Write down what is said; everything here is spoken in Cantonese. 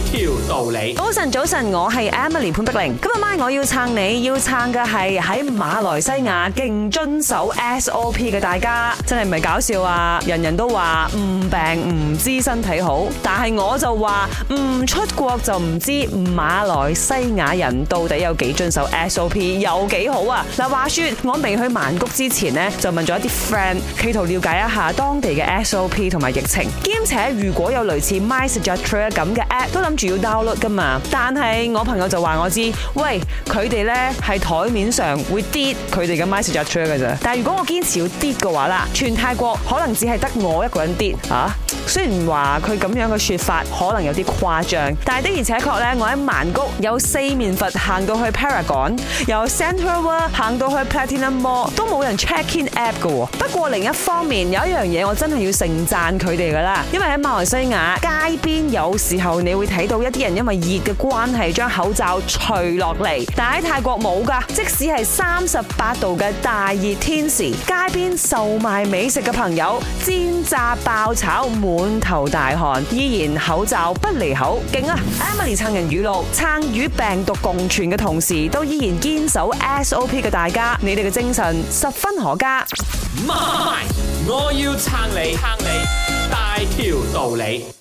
條道理，早晨早晨，我係 Emily 潘碧玲。今日晚我要撐你，要撐嘅係喺馬來西亞勁遵守 SOP 嘅大家，真係唔係搞笑啊！人人都話唔病唔知身體好，但係我就話唔出國就唔知馬來西亞人到底有幾遵守 SOP 有幾好啊！嗱，話說我未去曼谷之前呢，就問咗一啲 friend，企圖了解一下當地嘅 SOP 同埋疫情，兼且如果有類似 MySejahtera 咁嘅 app。諗住要 download 㗎嘛，但係我朋友就話我知，喂，佢哋咧係台面上會跌，佢哋嘅 market structure 㗎啫。但係如果我堅持要跌嘅話啦，全泰國可能只係得我一個人跌啊。雖然話佢咁樣嘅說法可能有啲誇張，但係的而且確咧，我喺曼谷有四面佛行到去 Paragon，由 Central World 行到去 Platinum Mall 都冇人 check in app 喎。不過另一方面，有一樣嘢我真係要盛讚佢哋㗎啦，因為喺馬來西亞街邊有時候你會。睇到一啲人因為熱嘅關係將口罩除落嚟，但喺泰國冇噶。即使係三十八度嘅大熱天時，街邊售賣美食嘅朋友煎炸爆炒，滿頭大汗，依然口罩不離口，勁啊！Emily 撐人語錄：撐與病毒共存嘅同時，都依然堅守 SOP 嘅大家，你哋嘅精神十分可嘉。我要撐你，撐你大條道理。